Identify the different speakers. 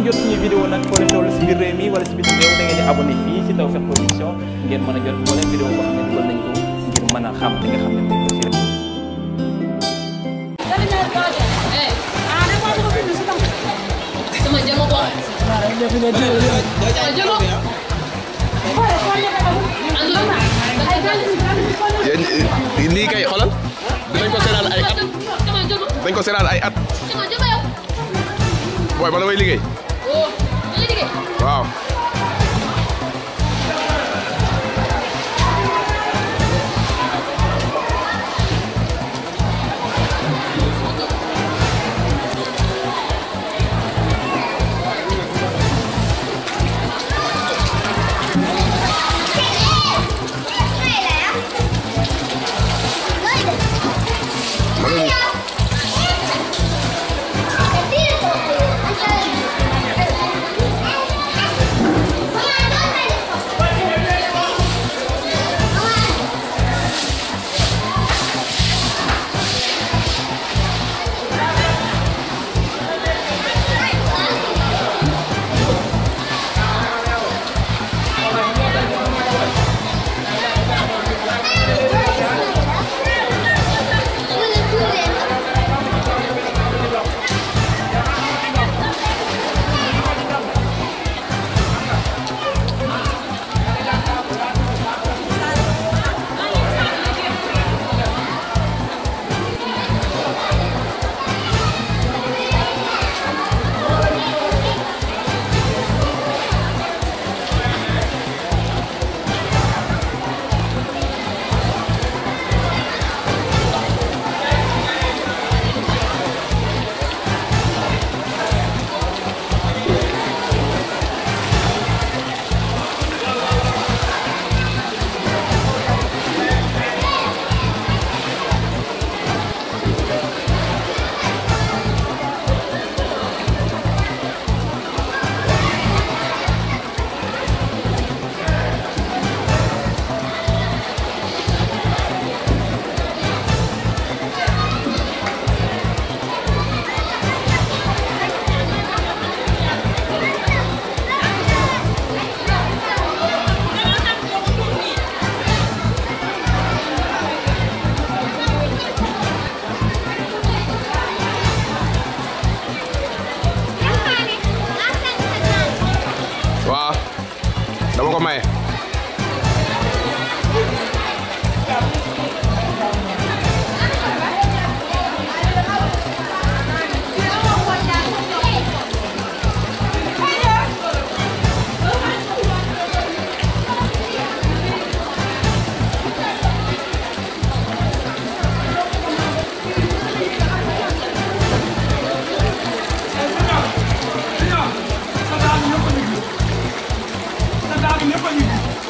Speaker 1: ngeen jot suñu vidéo nag foo leen toll si biir réew mi wala si bitim réew da ngeen di abonné fii si Tawfekh Production ngeen mën a jot moo leen vidéo boo xam ne dugal nañ ko ngir mën a xam li nga xam ne moom la rek. Eh, lii kay xoolal dinañ ko seetaan ay at dañ ko seetaan ay at waaye ba damay liggéey waaw Salut